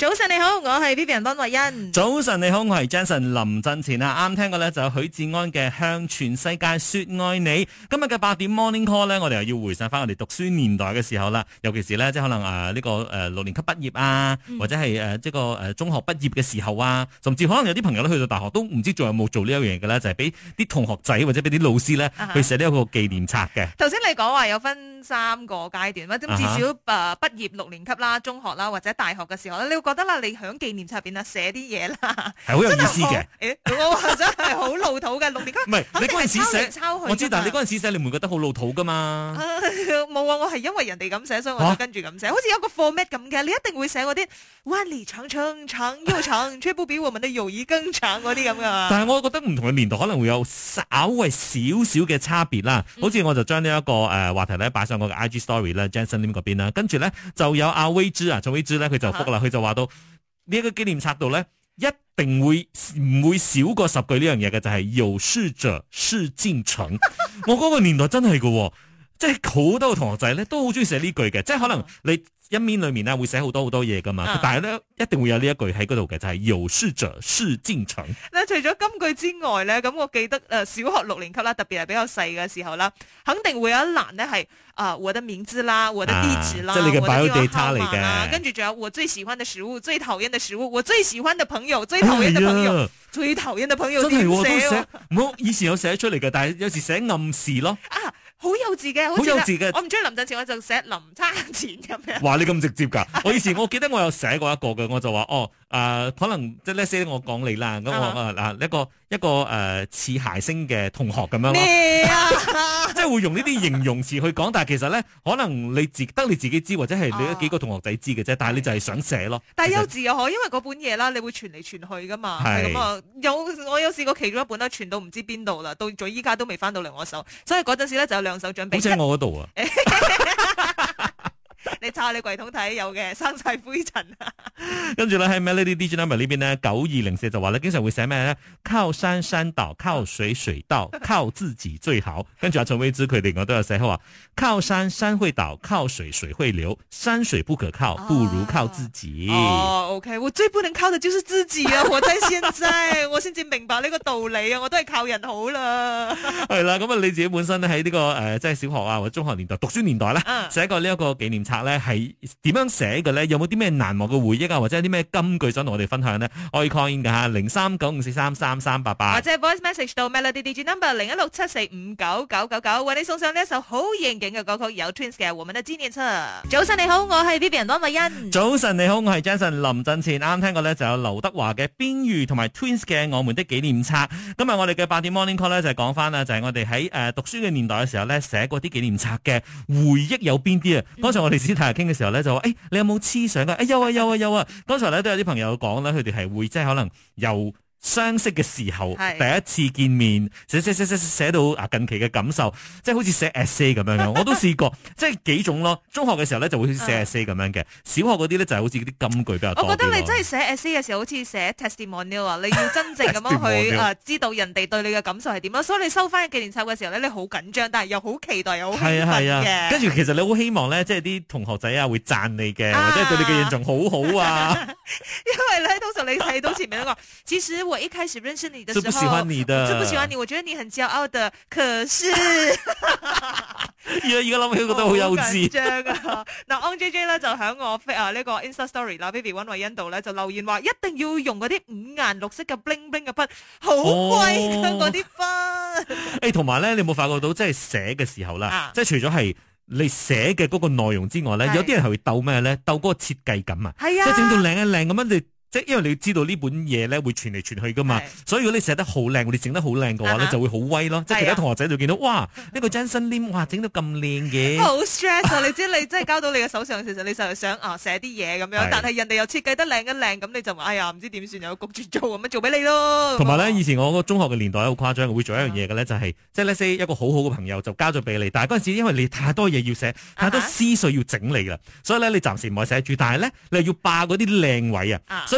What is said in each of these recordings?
早晨你好，我係 Vivian 溫慧欣。早晨你好，我係 Jason 林振前啊！啱聽過咧就有許志安嘅《向全世界說愛你》。今日嘅八點 Morning Call 咧，我哋又要回想翻我哋讀書年代嘅時候啦，尤其是咧即係可能啊呢、呃這個誒、呃、六年級畢業啊，或者係誒即個誒、呃、中學畢業嘅時候啊，甚至可能有啲朋友都去到大學都唔知仲有冇做呢一樣嘢嘅呢，就係俾啲同學仔或者俾啲老師咧、uh -huh. 去寫呢一個紀念冊嘅。頭先你講話有分。三個階段啦，至少誒畢業六年級啦、中學啦或者大學嘅時候咧，你會覺得啦，你響紀念冊入邊啦寫啲嘢啦，係好有意思嘅。我話真係好老土嘅六年級，唔係你嗰陣時寫，我知，但你嗰陣時寫，你唔會覺得好老土噶嘛？冇啊，我係因為人哋咁寫，所以我跟住咁寫，好似有個 format 咁嘅，你一定會寫嗰啲萬里長長長又長，吹布表文得容易更長啲咁。但係我覺得唔同嘅年代可能會有稍為少少嘅差別啦。好似我就將呢一個誒話題咧擺上。我嘅 IG story 啦 Jason 呢邊嗰邊啦，跟住咧就有阿威之啊，仲威之咧，佢就覆啦，佢、uh -huh. 就話到、這個、紀念冊度呢個紀念冊度咧，一定會唔會少過十句呢樣嘢嘅，就係、是、有志者事竟成。 我嗰個年代真係喎、哦，即係好多同學仔咧都好中意寫呢句嘅，即係可能你。 一面裏面咧會寫好多好多嘢㗎嘛。嗯、但係咧一定會有呢一句喺嗰度嘅，就係、是、有志者事竟成。嗱，除咗今句之外咧，咁我記得誒、呃，小學六年級啦，特別係比較細嘅時候啦，肯定會有一欄咧係誒，我的名字啦，我的地址啦，即、啊、係、就是、你嘅 bio data 嚟嘅、啊。跟住仲有我最喜歡的食物、最討厭的食物、我最喜歡的朋友、最討厭的朋友、哎、最討厭的朋友係誰？真的哦、我都寫 以前有寫出嚟嘅，但係有時寫暗示咯。啊好幼稚嘅，好幼稚嘅，我唔中意林鄭前，我就寫林差錢咁樣。話你咁直接㗎，我以前 我記得我有寫過一個嘅，我就話哦。誒、呃，可能即係呢些我講你啦，咁、uh -huh. 我啊嗱，一個一個誒、呃、似諧星嘅同學咁樣咯，即、uh、係 -huh. 會用呢啲形容詞去講，uh -huh. 但係其實咧，可能你自得你自己知，或者係你幾個同學仔知嘅啫、uh -huh.，但係你就係想寫咯。但係幼稚又可因為嗰本嘢啦，你會傳嚟傳去噶嘛，係咁啊，有我有試過其中一本咧，傳到唔知邊度啦，到咗依家都未翻到嚟我手，所以嗰陣時咧就有兩手準備好似我嗰度啊。 你抄下你櫃桶睇有嘅，生晒灰塵啊！ 跟住咧喺 Melody Digital Number 邊呢邊咧，九二零四就話咧，經常會寫咩咧？靠山山倒，靠水水倒，靠自己最好。跟住阿陳威之佢哋，我都有寫話，靠山山會倒，靠水水會流，山水不可靠，不如靠自己。哦、啊啊啊、，OK，我最不能靠的就是自己啊！我在現在， 我先至明白呢個道理啊！我都係靠人好 對啦。係啦，咁啊，你自己本身咧喺呢個誒，即、呃、係小學啊或者中學年代讀書年代啦寫、啊、過呢一個紀念。冊咧係點樣寫嘅咧？有冇啲咩難忘嘅回憶啊？或者有啲咩金句想同我哋分享咧？可以 call in 嘅吓，零三九五四三三三八八，或者 voice message 到 number 零一六七四五九九九九，為你送上呢一首好應景嘅歌曲，有 Twins 嘅《我們的紀念冊》。早晨你好，我係 Vivian 温慧欣。早晨你好，我係 Jason 林振前。啱啱聽過咧就有劉德華嘅《邊緣》同埋 Twins 嘅《我們的紀念冊》。今日我哋嘅八點 morning call 咧就講翻啊，就係我哋喺誒讀書嘅年代嘅時候咧寫過啲紀念冊嘅回憶有邊啲啊？剛才我哋。史大傾嘅時候咧，就話：誒，你有冇黐上啊？誒，有啊，有啊，有啊！剛才咧都有啲朋友講咧，佢哋係會即係可能又。相識嘅時候，第一次見面，寫寫寫寫到啊近期嘅感受，即係好似寫 essay 咁樣樣。 我都試過，即係幾種咯。中學嘅時候咧就會寫寫 essay 咁樣嘅，嗯，小學嗰啲咧就係好似嗰啲金句比較多。我覺得你真係寫 essay 嘅時候，好似寫 testimonial 啊，你要真正咁樣去、 uh, 知道人哋對你嘅感受係點樣。所以你收翻紀念冊嘅時候咧，你好緊張，但係又好期待又好興奮。跟住其實你好希望咧，即係啲同學仔啊會讚你嘅，即係對你嘅印象好好啊。啊 因為咧，到時候你睇到前面個，.我一開始認識你的時候，不喜歡你的，是不喜歡你。我覺得你很驕傲的，可是，而家諗起覺得好幼稚。好緊張啊。嗱，Ang J J 咧就響我啊，呢個 Insta Story 啦，Baby 溫慧欣度咧就留言話，一定要用嗰啲五顏六色嘅 bling bling 嘅筆，好貴㗎嗰啲筆。誒，同埋咧，你有冇發覺到，即係寫嘅時候啦，即係除咗係你寫嘅嗰個內容之外咧，有啲人係會鬥咩咧？鬥嗰個設計感啊，即係整到靚一靚咁樣。.即係因為你知道呢本嘢咧會傳嚟傳去噶嘛，所以如果你寫得好靚，你整得好靚嘅話咧、uh -huh. 就會好威咯、啊。即係其他同學仔就見到哇，呢 個 Jensen Lim 哇整到咁靚嘅。好 stress 啊！你知你真係交到你嘅手上，其 實你、哦、 你就係想啊寫啲嘢咁樣，但係人哋又設計得靚一靚，咁你就話哎呀唔知點算，又要焗住做咁樣做俾你咯。同埋咧，以前我個中學嘅年代好誇張，會做一樣嘢嘅咧就係、是，即係咧一個好好嘅朋友就交咗俾你，但係嗰陣時因為你太多嘢要寫，太多思緒要整理啦，所以咧你暫時唔係寫住，但係咧你又要霸嗰啲靚位啊，uh -huh.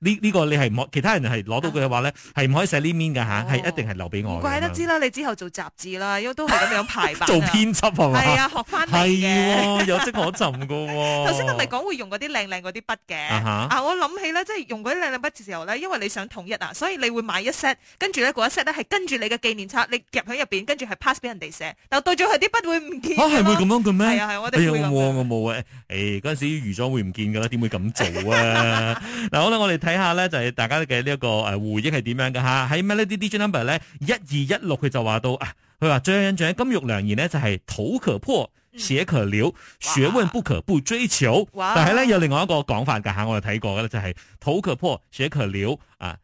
呢、這、呢個你係其他人係攞到佢嘅話咧，係、啊、唔可以寫呢面嘅吓，係、哦、一定係留俾我。怪得知啦，你之後做雜誌啦，因為都係咁樣排版。 做編輯啊，係啊，學翻嚟嘅，有迹可尋噶、哦。頭先我咪講會用嗰啲靚靚嗰啲筆嘅啊，我諗起咧，即、就、係、是、用嗰啲靚靚筆嘅時候咧，因為你想統一啊，所以你會買一 set，跟住咧嗰一 set 咧係跟住你嘅紀念冊，你夾喺入邊，跟住係 pass 俾人哋寫。但到咗佢啲筆會唔見。吓係會咁樣嘅咩？係啊係、啊，我哋會咁。哎呀，我冇啊。誒嗰陣時余裝會唔見噶啦，點會咁做啊？嗱， 好啦，我哋。睇下咧，就係大家嘅呢一個誒回憶係點樣嘅吓，喺咩呢啲 d i g i number 咧，一二一六佢就話到，佢、啊、話最有印象嘅金玉良言咧就係土可破，血可流，學問不可不追求，但係咧有另外一個講法嘅吓，我哋睇過嘅就係、是、土可破，血可流，啊，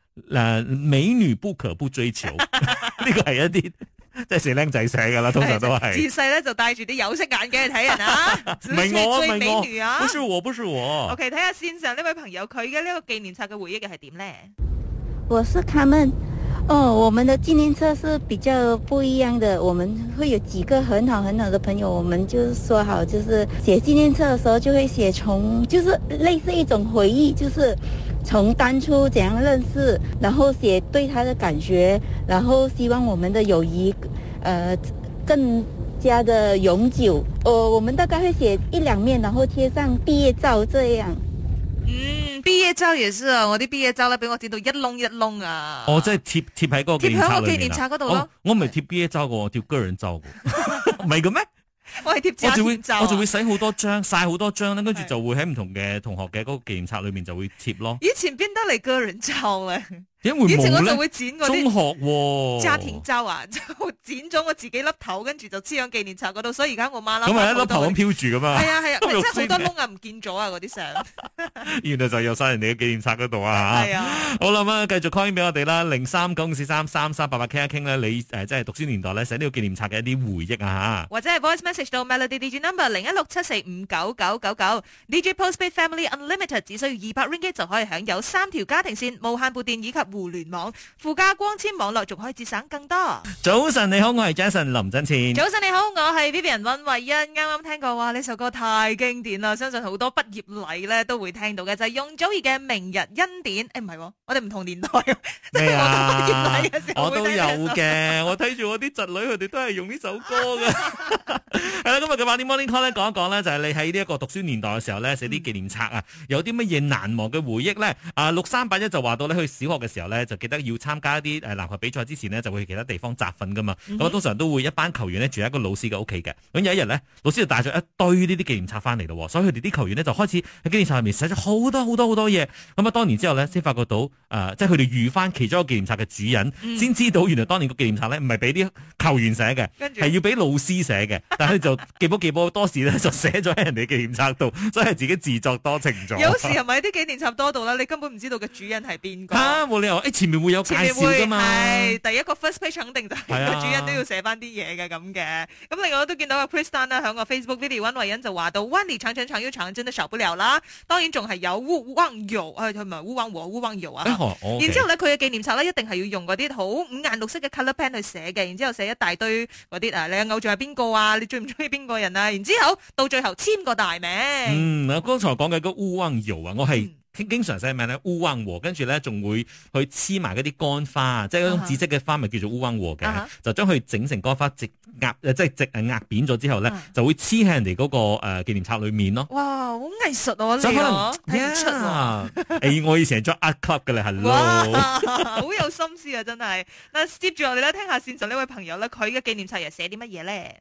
美女不可不追求，呢個係一啲。即係靚仔寫噶啦，通常都係自細咧就戴住啲有色眼鏡去睇人啊，明追美女啊。不是我，不是我。OK，睇下先生呢位朋友佢嘅呢個紀念冊嘅回憶又係點咧？我是 Carmen，哦，我們的紀念冊是比較不一樣的。我們會有幾個很好很好的朋友，我們就是說好，就是寫紀念冊嘅時候就會寫從，就是類似一種回憶，就是。從當初怎樣認識，然後寫對他的感覺，然後希望我們的友誼，呃，更加的永久。哦，我們大概會寫一兩面，然後貼上畢業照這樣。嗯，畢業照也是哦、啊，我的畢業照呢、啊，被我貼到一窿一窿啊。哦，即係貼貼喺嗰個紀念冊度啦。我唔係貼畢業照過，我貼個人照過，唔係嘅咩？ 沒個.我係貼個人照，我就會洗好多張曬好多張咧，跟 住就會喺唔同嘅同學嘅嗰個紀念冊裏面就會貼咯。以前邊得嚟個人照咧？以前我就會剪嗰啲中學喎，家庭周啊，就剪咗我自己粒頭，跟住就黐響紀念冊嗰度，所以而家我媽啦，咁一粒頭飄住咁啊，係啊係啊，即係好多窿啊，唔見咗啊嗰啲相。原來就有曬人哋嘅紀念冊嗰度啊！係啊，好啦，咁啊，繼續 call in 俾我哋啦，零三九四三三三八八傾一傾啦，你誒即係讀書年代咧寫呢個紀念冊嘅一啲回憶啊嚇。或者係 voice message 到 melody Digi number 零一六七四五九九九九 Digi postpaid family unlimited 只需要二百 ringgit 就可以享有三條家庭線無限撥電以及。互聯網附加光纖網絡仲可以節省更多。早晨你好，我係 Jason 林振前。早晨你好，我係 Vivian 温慧欣。啱啱聽過話呢首歌太經典啦，相信好多畢業禮咧都會聽到嘅就係、是、容祖兒嘅《明日恩典》哎。誒唔係，我哋唔同年代。咩、啊？ 我都有嘅，我睇住我啲侄女，佢 哋都係用呢首歌嘅。係 啦，今日嘅晚啲 morning call 咧講一講咧，就係、是、你喺呢一個讀書年代嘅時候咧，寫啲紀念冊啊，有啲乜嘢難忘嘅回憶咧？啊，六三八一就話到你去小學嘅時候。就記得要參加一啲誒籃球比賽之前呢，就會去其他地方集訓噶嘛。咁啊，通常都會一班球員咧住喺一個老師嘅屋企嘅。咁有一日呢，老師就帶咗一堆呢啲紀念冊翻嚟咯。所以佢哋啲球員呢，就開始喺紀念冊入面寫咗好多好多好多嘢。咁啊，多年之後呢，先發覺到誒、呃，即係佢哋遇翻其中一個紀念冊嘅主人，先、mm -hmm. 知道原來當年個紀念冊呢唔係俾啲球員寫嘅，係要俾老師寫嘅。但係就記唔記唔 多時呢，就寫咗喺人哋嘅紀念冊度，所以係自己自作多情咗。有時係咪啲紀念冊多到啦， 你根本唔知道嘅主人係邊個。啊。前面會有介紹㗎嘛，係第一個 first page 肯定就係個主人都要寫翻啲嘢嘅咁嘅，咁另外我都見到阿 Chris Tan 啦喺個 Facebook video 溫慧欣就話到，萬里長城長又長，真的少不了啦。當然仲係有勿忘友，誒佢唔係勿忘我勿忘友啊。然之後咧佢嘅紀念冊咧一定係要用嗰啲好五顏六色嘅 colour pen 去寫嘅，然之後寫一大堆嗰啲啊，你嘅偶像係邊個啊？你最唔中意邊個人啊？然之後到最後簽個大名。嗯，嗱，剛才講嘅、嗰個勿忘友啊，我係。嗯經常使埋咧烏雲和，跟住咧仲會去黐埋嗰啲乾花，即係嗰種紫色嘅花，咪、uh -huh. 叫做烏雲和嘅，uh -huh. 就將佢整成乾花，直壓誒，即係直壓扁咗之後咧，uh -huh. 就會黐喺人哋嗰個誒紀念冊裏面咯。哇，好藝術啊！呢啲睇唔出啊， AI, 我以成咗壓級嘅咧，係 咯 Hello。 哇，好有心思啊，真係。嗱，接住我哋咧，聽下線上呢位朋友咧，佢嘅紀念冊又寫啲乜嘢咧？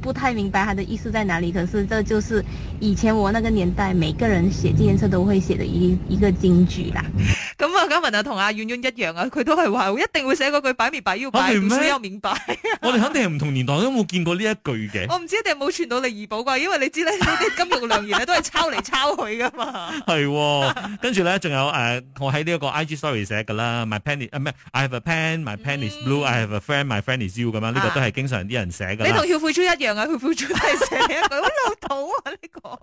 不太明白他的意思在哪裡，可是這就是以前我那個年代每個人寫紀念冊都會寫的一一個金句啦。咁啊，嘉文啊同阿婉婉一樣啊，佢都係話一定會寫嗰句擺明擺要擺唔需要擺。 我哋肯定係唔同年代都冇見過呢一句嘅。 我唔知一定冇傳到你二寶啩，因為你知咧你哋金玉良言咧都係抄嚟抄去噶嘛。係、 哦，跟住咧仲有誒、呃，我喺呢一個 I G Story 寫噶啦，my pen，n 唔係、呃、，I have a pen，my pen is blue，I、嗯、have a friend，my friend is you 咁樣，呢、啊這個都係經常啲人寫嘅。你同葉佩珠一樣。仲係佢輔助嚟寫，好老土啊！呢個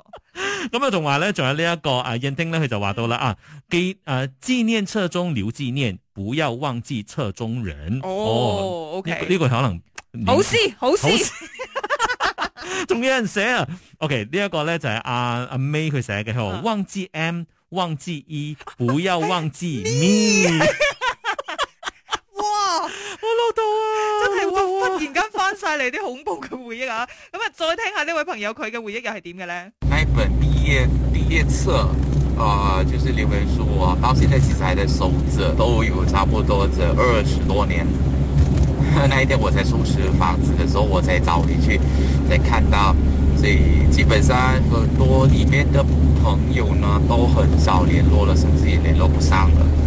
咁啊，仲話咧，仲有呢一個啊，認聽咧，佢就話到啦啊，記誒，紀念冊中留紀念，不要忘記冊中人。哦,哦，OK，呢、這個這個可能好事，好事。仲 有人寫啊？OK，呢一個咧就係阿阿 May 佢寫嘅，忘記 M，忘記 E，不要忘記 me。 你 哇！我老豆啊！突然間翻晒嚟，啲恐怖嘅回憶啊！咁啊，再聽下呢位朋友佢嘅回憶又係點嘅咧？那本畢業畢業冊，啊、呃，就是留文書到現在其實還在守着都有差不多這二十多年。那一天我在收拾房子嘅時候，我才找回去，才看到。所以基本上，很多裏面的朋友呢，都很少聯絡了，甚至也聯絡不上了。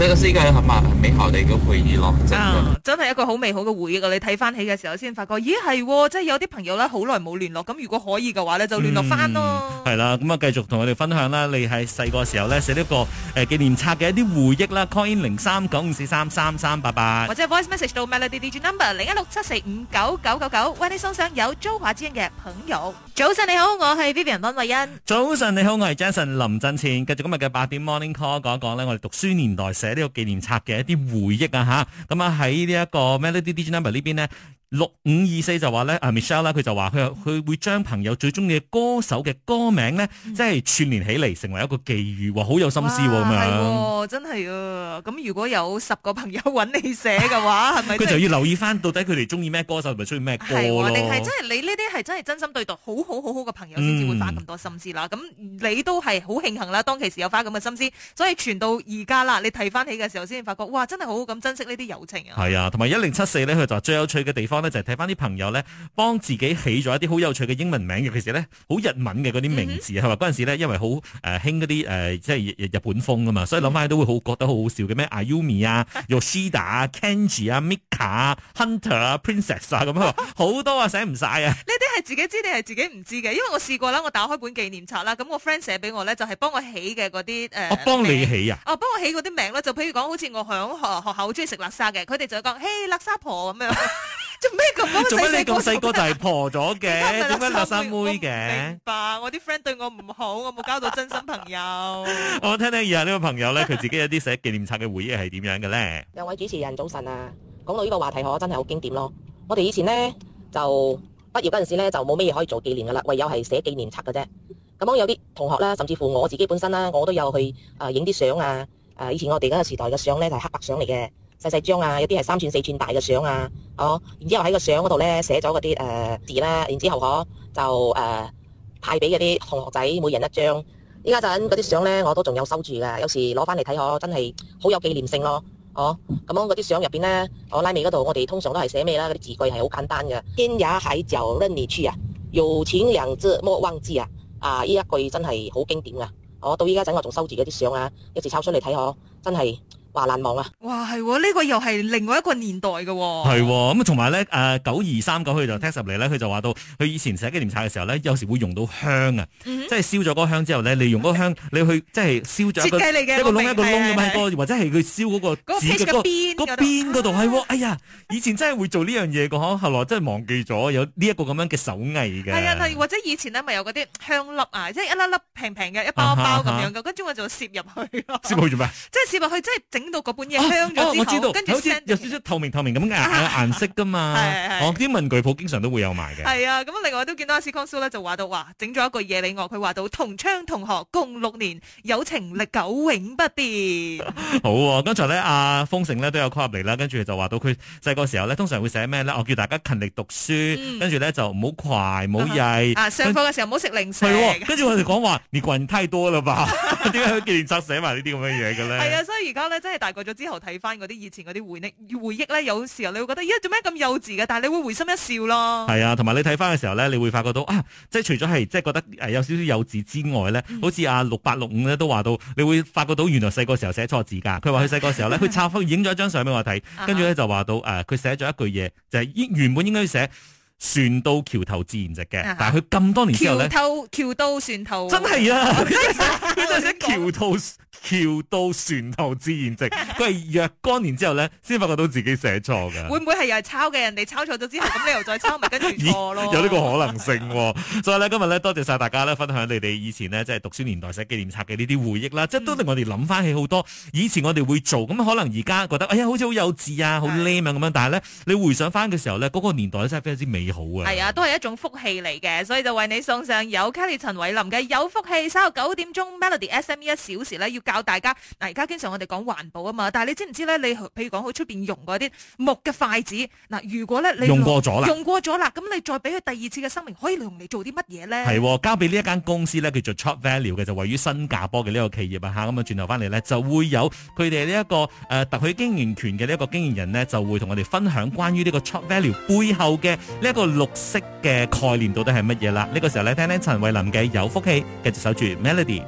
呢個世界係嘛，美好嘅一個回憶咯，真係一個好美好嘅回憶。你睇翻起嘅時候先發覺，咦係，即係有啲朋友咧好耐冇聯絡，咁如果可以嘅話咧就聯絡翻咯。係啦，咁啊繼續同我哋分享啦，你喺細個時候咧寫呢個誒紀念冊嘅一啲回憶啦。Call in 零三九五四三三三八八，或者 voice message To melody D G number 零一六七四五九九九九，為你送上有中華之聲嘅朋友。早晨你好，我係 Vivian 林慧欣。早晨你好，我係 Jason 林振前。繼續今日嘅八點 morning call，講一講咧我哋讀書年代喺、這、呢個紀念冊嘅一啲回憶啊，吓咁啊喺、啊、呢一個 melody number 呢邊咧。六五二四就話咧，阿、啊、Michelle 啦，佢就話佢佢會將朋友最中意嘅歌手嘅歌名呢，即、就、係、是、串連起嚟，成為一個寄語，哇，好有心思咁、啊、樣、啊。真係啊！咁如果有十個朋友揾你寫嘅話，係咪？佢就要留意翻到底佢哋中意咩歌手，同埋中意咩歌，定係、啊、真係你呢啲係真係真心對待好好好好嘅朋友先至會花咁多心思啦、啊。咁、嗯、你都係好慶幸啦、啊，當其時有花咁嘅心思，所以傳到而家啦，你睇翻起嘅時候先發覺，哇，真係好好咁珍惜呢啲友情啊！係啊，同埋一零七四呢，佢就最有趣嘅地方。就係睇翻啲朋友咧，幫自己起咗一啲好有趣嘅英文名，尤其是咧好日文嘅嗰啲名字，係、嗯、嘛？嗰陣時咧，因為好誒興嗰啲誒即係日本風啊嘛，所以諗翻起都會好覺得好好笑嘅咩？Ayumi 啊 ，Yoshida 啊，Kenji 啊，Mika 啊，Hunter 啊，Princess 啊，咁啊好多啊，寫唔晒啊！呢啲係自己知定係自己唔知嘅？因為我試過啦，我打開本紀念冊啦，咁我 friend 寫俾我咧，就係幫我起嘅嗰啲誒，我、啊、幫、呃、你起啊！哦，幫我起嗰啲名啦，就譬如講，好似我響學學校好中意食垃圾喇沙嘅，佢哋就講嘿喇沙婆咁樣。 做咩咁？做咩你咁細個就係婆咗嘅？點解垃生妹嘅？明白，我啲 friend 對我唔好，我冇交到真心朋友。 我聽聽以下呢位朋友咧，佢自己有啲寫紀念冊嘅回憶係點樣嘅咧？兩位主持人早晨啊！講到呢個話題話，我真係好經典咯。我哋以前咧就畢業嗰陣時咧就冇咩嘢可以做紀念噶啦，唯有係寫紀念冊㗎啫。咁樣有啲同學啦，甚至乎我自己本身啦，我都有去、呃、啊影啲相啊。以前我哋嗰個時代嘅相咧就係黑白相嚟嘅。細細張啊，有啲係三寸四寸大嘅相啊，哦，然之後喺個相嗰度咧寫咗嗰啲誒字啦，然之後哦就誒、呃、派俾嗰啲同學仔每人一張。依家陣嗰啲相咧，我都仲有收住噶，有時攞翻嚟睇下，真係好有紀念性咯，哦，咁樣嗰啲相入邊咧，我拉尾嗰度，我哋通常都係寫咩啦？嗰啲字句係好簡單嘅。天涯海角任你去啊，友情兩字，莫忘記啊！啊，依一句真係好經典噶。到我到依家陣我仲收住嗰啲相啊，有時抽出嚟睇下，真係～話難忘啦，哇，係呢個又係另外一個年代嘅，哦，係咁同埋，咧，誒九二三九佢就聽上嚟咧佢就話到佢以前寫紀念冊嘅時候咧，有時會用到香啊，嗯，即係燒咗嗰個香之後咧，你用嗰個香，嗯，你去即係燒咗一個設計，一個窿，一個窿咁樣，或者係佢燒嗰個紙嘅邊嗰邊嗰度係，哎呀以前真係會做呢樣嘢嘅嗬，後 來真係忘記咗有呢一個咁樣嘅手藝嘅，係啊或者以前咧，咪有嗰啲香粒啊，即係一粒粒平平嘅一包一包咁樣嘅，跟，啊，住我就攝入去咯，攝入去做咩？即係攝入去即係整到嗰本嘢香咗先知道，跟住有少少透明透明咁顏顏色噶嘛。哦，啲文具鋪經常都會有埋嘅。係啊，咁啊，另外都見到阿司康蘇咧就話到話整咗一句嘢你我，佢話到同窗同學共六年，友情歷久永不變。好，剛才咧阿豐盛咧都有 call 入嚟啦，跟住就話到佢細個時候咧通常會寫咩咧？我叫大家勤力讀書，跟住咧就唔好快唔好曳。啊，上課嘅時候唔好食零食。係，跟住我哋講話你個人太多了吧？點解佢竟然執寫埋呢啲咁嘅嘢嘅咧？係啊，所以而家咧真。即係大個咗之後睇翻嗰啲以前嗰啲回憶回憶咧，有時候你會覺得咦，做咩咁幼稚嘅？但係你會回心一笑咯。係啊，同埋你睇翻嘅時候咧，你會發覺到啊，即係除咗係即係覺得誒有少少幼稚之外咧，好似阿六八六五咧都話到，你會發覺到原來細個時候寫錯字噶。佢話佢細個時候咧，佢插翻影咗一張相俾我睇，跟住咧就話到誒，佢寫咗一句嘢，就係、應、原本應該寫船到橋頭自然直嘅， 但係佢咁多年之後咧，橋頭橋到船頭，真係啊，佢 就寫橋頭。橋到船頭自然直。佢係若干年之後咧，先發覺到自己寫錯嘅。 會唔會係又係抄嘅人哋抄錯咗之後，咁 你又再抄埋， 跟住錯咯？有呢個可能性。 所以咧，今日咧，多謝晒大家咧，分享你哋以前呢，即係讀書年代寫紀念冊嘅呢啲回憶啦。即係都令我哋諗翻起好多以前我哋會做，咁可能而家覺得哎呀，好似好幼稚啊，好 lame 啊咁樣。但係咧，你回想翻嘅時候咧，嗰、嗰個年代真係非常之美好啊。係啊，都係一種福氣嚟嘅，所以就為你送上由 Kelly 陳偉林嘅有福氣，稍後九點鐘 Melody S M E 一小時咧要。教大家嗱，而家經常我哋講環保啊嘛，但係你知唔知咧？你譬如講好出邊用嗰啲木嘅筷子，嗱，如果咧你用過咗啦，用過咗啦，咁你再俾佢第二次嘅生命，可以用嚟做啲乜嘢咧？係交俾呢一間公司咧，叫做 Chop Value 嘅，就位於新加坡嘅呢個企業啊吓，咁啊轉頭翻嚟咧就會有佢哋呢一個誒、呃、特許經營權嘅呢一個經營人呢，就會同我哋分享關於呢個 Chop Value 背後嘅呢一個綠色嘅概念到底係乜嘢啦？呢、這個時候咧聽聽陳慧琳嘅有福氣，繼續守住 Melody。